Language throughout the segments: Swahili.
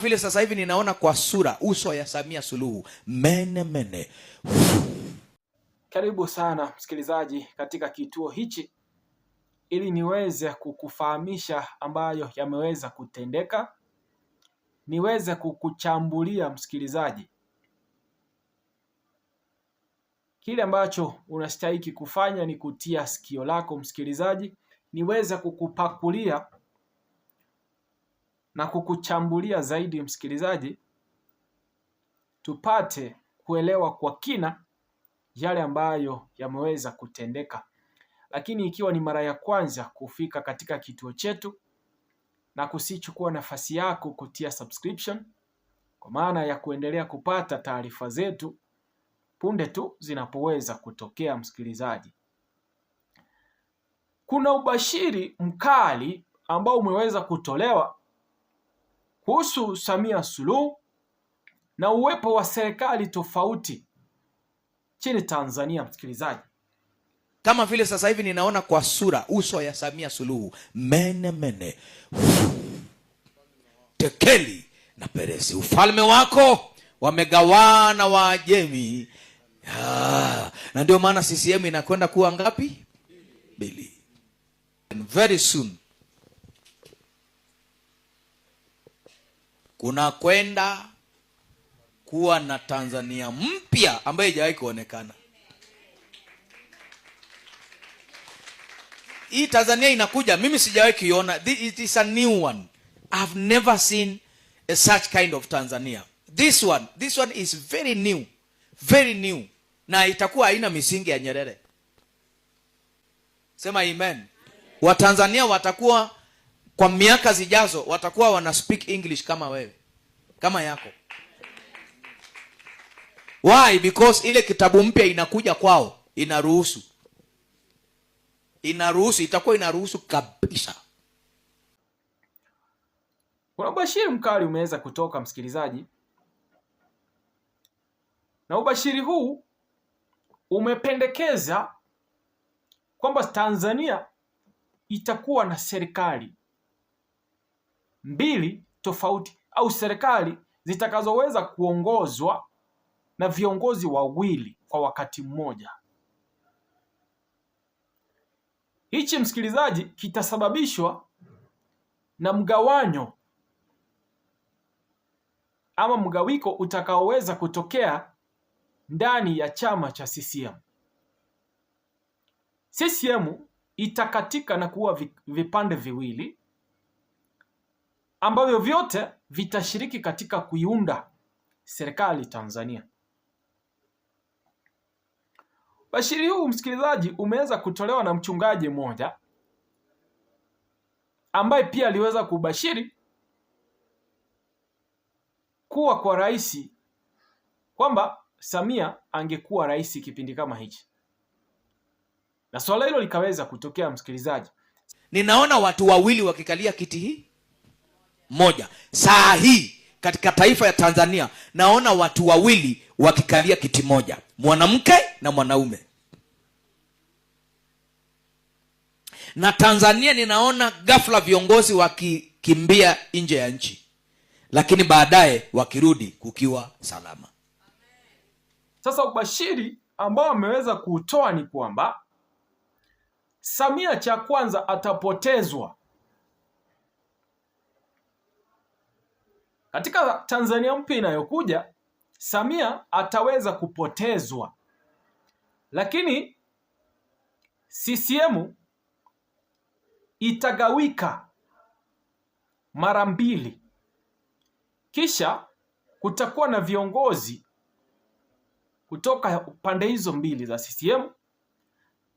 Vile sasa hivi ninaona kwa sura uso ya Samia Suluhu mene mene. Karibu sana msikilizaji katika kituo hichi ili niweze kukufahamisha ambayo yameweza kutendeka, niweze kukuchambulia msikilizaji kile ambacho unastahiki kufanya ni kutia sikio lako msikilizaji, niweze kukupakulia na kukuchambulia zaidi, msikilizaji, tupate kuelewa kwa kina yale ambayo yameweza kutendeka. Lakini ikiwa ni mara ya kwanza kufika katika kituo chetu, na kusichukua nafasi yako kutia subscription, kwa maana ya kuendelea kupata taarifa zetu punde tu zinapoweza kutokea. Msikilizaji, kuna ubashiri mkali ambao umeweza kutolewa kuhusu Samia Suluhu na uwepo wa serikali tofauti chini Tanzania, msikilizaji, kama vile sasa hivi ninaona kwa sura uso ya Samia Suluhu mene mene Tekeli na Peresi, ufalme wako wamegawana Waajemi. Ah, na ndio maana CCM inakwenda kuwa ngapi? Mbili. very soon kunakwenda kuwa na Tanzania mpya ambayo haijawahi kuonekana. Hii Tanzania inakuja, mimi sijawahi kuiona. It is a new one. I've never seen a such kind of Tanzania. This one, this one is very new, very new, na itakuwa haina misingi ya Nyerere. Sema amen. Watanzania watakuwa kwa miaka zijazo watakuwa wana speak english kama wewe kama yako why because ile kitabu mpya inakuja kwao inaruhusu inaruhusu itakuwa inaruhusu kabisa kuna ubashiri mkali umeweza kutoka msikilizaji na ubashiri huu umependekeza kwamba Tanzania itakuwa na serikali mbili tofauti au serikali zitakazoweza kuongozwa na viongozi wawili kwa wakati mmoja. Hichi msikilizaji, kitasababishwa na mgawanyo ama mgawiko utakaoweza kutokea ndani ya chama cha CCM. CCM itakatika na kuwa vipande viwili ambavyo vyote vitashiriki katika kuiunda serikali Tanzania. Bashiri huu msikilizaji, umeweza kutolewa na mchungaji mmoja ambaye pia aliweza kubashiri kuwa kwa rais kwamba Samia angekuwa rais kipindi kama hichi, na swala hilo likaweza kutokea. Msikilizaji, ninaona watu wawili wakikalia kiti hii moja saa hii katika taifa ya tanzania naona watu wawili wakikalia kiti moja mwanamke na mwanaume na tanzania ninaona ghafla viongozi wakikimbia nje ya nchi lakini baadaye wakirudi kukiwa salama sasa ubashiri ambao ameweza kuutoa ni kwamba samia cha kwanza atapotezwa Katika Tanzania mpya inayokuja, Samia ataweza kupotezwa, lakini CCM itagawika mara mbili, kisha kutakuwa na viongozi kutoka pande hizo mbili za CCM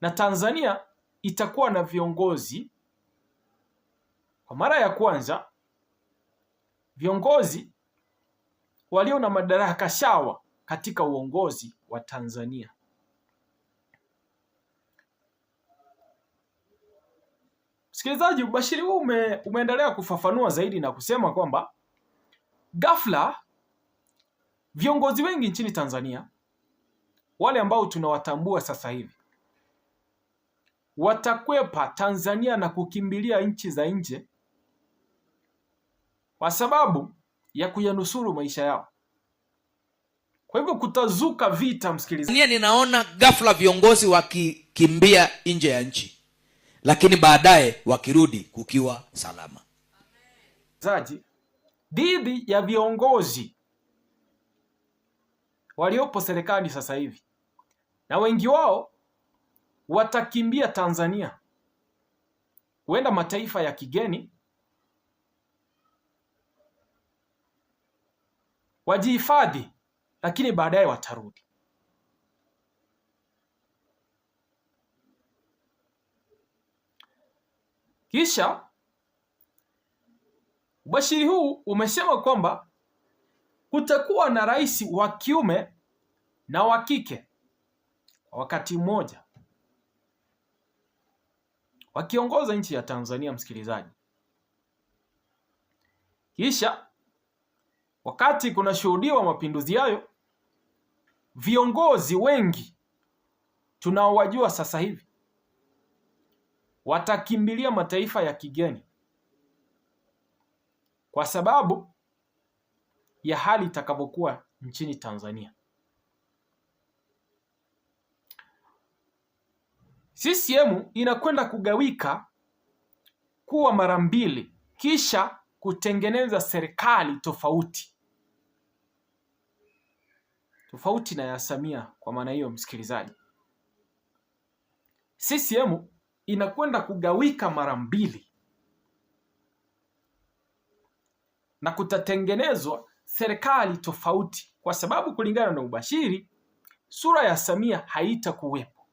na Tanzania itakuwa na viongozi kwa mara ya kwanza viongozi walio na madaraka sawa katika uongozi wa Tanzania. Msikilizaji, ubashiri huu ume, umeendelea kufafanua zaidi na kusema kwamba ghafla viongozi wengi nchini Tanzania wale ambao tunawatambua sasa hivi watakwepa Tanzania na kukimbilia nchi za nje kwa sababu ya kuyanusuru maisha yao. Kwa hivyo kutazuka vita, msikilizaji. Ninaona ghafla viongozi wakikimbia nje ya nchi, lakini baadaye wakirudi kukiwa salama. Zaji dhidi ya viongozi waliopo serikali sasa hivi, na wengi wao watakimbia Tanzania, huenda mataifa ya kigeni wajihifadhi, lakini baadaye watarudi. Kisha ubashiri huu umesema kwamba kutakuwa na rais wa kiume na wa kike kwa wakati mmoja wakiongoza nchi ya Tanzania, msikilizaji. Kisha Wakati kunashuhudiwa mapinduzi hayo, viongozi wengi tunaowajua sasa hivi watakimbilia mataifa ya kigeni kwa sababu ya hali itakavyokuwa nchini Tanzania. CCM inakwenda kugawika kuwa mara mbili kisha kutengeneza serikali tofauti tofauti na ya Samia. Kwa maana hiyo, msikilizaji, CCM inakwenda kugawika mara mbili na kutatengenezwa serikali tofauti, kwa sababu kulingana na ubashiri, sura ya Samia haitakuwepo.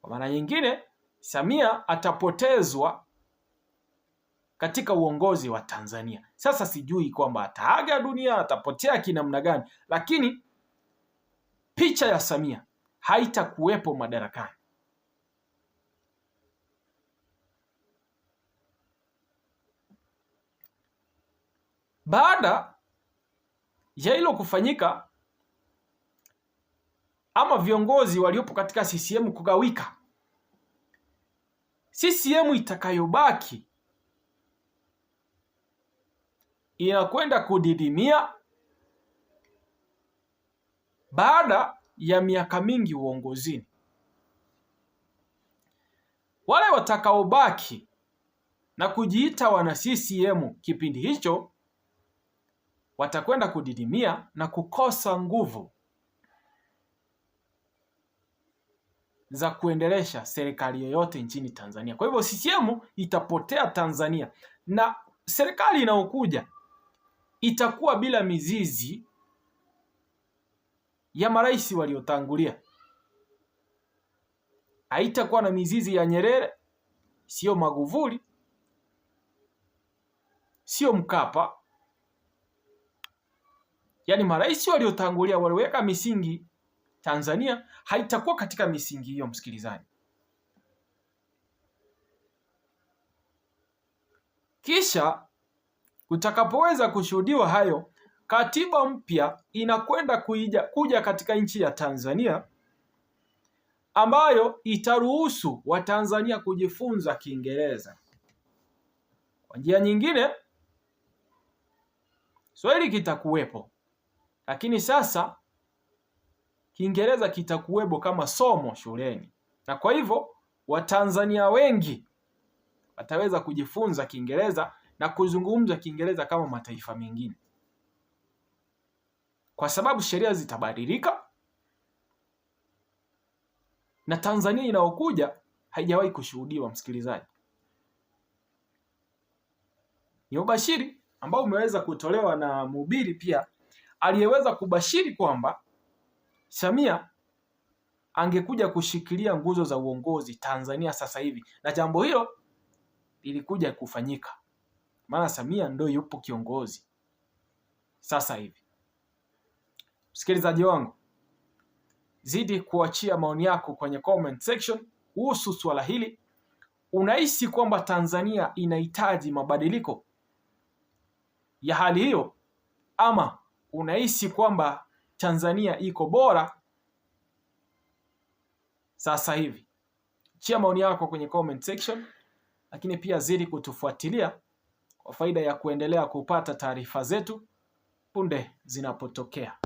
Kwa maana nyingine, Samia atapotezwa katika uongozi wa Tanzania. Sasa sijui kwamba ataaga dunia atapotea kinamna gani, lakini picha ya Samia haitakuwepo madarakani. Baada ya hilo kufanyika, ama viongozi waliopo katika CCM kugawika, CCM itakayobaki inakwenda kudidimia baada ya miaka mingi uongozini. Wale watakaobaki na kujiita wana CCM kipindi hicho watakwenda kudidimia na kukosa nguvu za kuendelesha serikali yoyote nchini Tanzania. Kwa hivyo CCM itapotea Tanzania na serikali inayokuja itakuwa bila mizizi ya marais waliotangulia, haitakuwa na mizizi ya Nyerere, sio Magufuli, sio Mkapa. Yaani marais waliotangulia waliweka misingi Tanzania haitakuwa katika misingi hiyo, msikilizaji. Kisha Kutakapoweza kushuhudiwa hayo, katiba mpya inakwenda kuja, kuja katika nchi ya Tanzania ambayo itaruhusu Watanzania kujifunza Kiingereza. Kwa njia nyingine Swahili kitakuwepo, lakini sasa Kiingereza kitakuwepo kama somo shuleni, na kwa hivyo Watanzania wengi wataweza kujifunza Kiingereza na kuzungumza Kiingereza kama mataifa mengine, kwa sababu sheria zitabadilika na Tanzania inayokuja haijawahi kushuhudiwa. Msikilizaji, ni ubashiri ambao umeweza kutolewa na mhubiri pia aliyeweza kubashiri kwamba Samia angekuja kushikilia nguzo za uongozi Tanzania sasa hivi, na jambo hilo lilikuja kufanyika maana Samia ndo yupo kiongozi sasa hivi. Msikilizaji wangu, zidi kuachia maoni yako kwenye comment section kuhusu swala hili. Unahisi kwamba Tanzania inahitaji mabadiliko ya hali hiyo, ama unahisi kwamba Tanzania iko bora sasa hivi? Chia maoni yako kwenye comment section, lakini pia zidi kutufuatilia kwa faida ya kuendelea kupata taarifa zetu punde zinapotokea.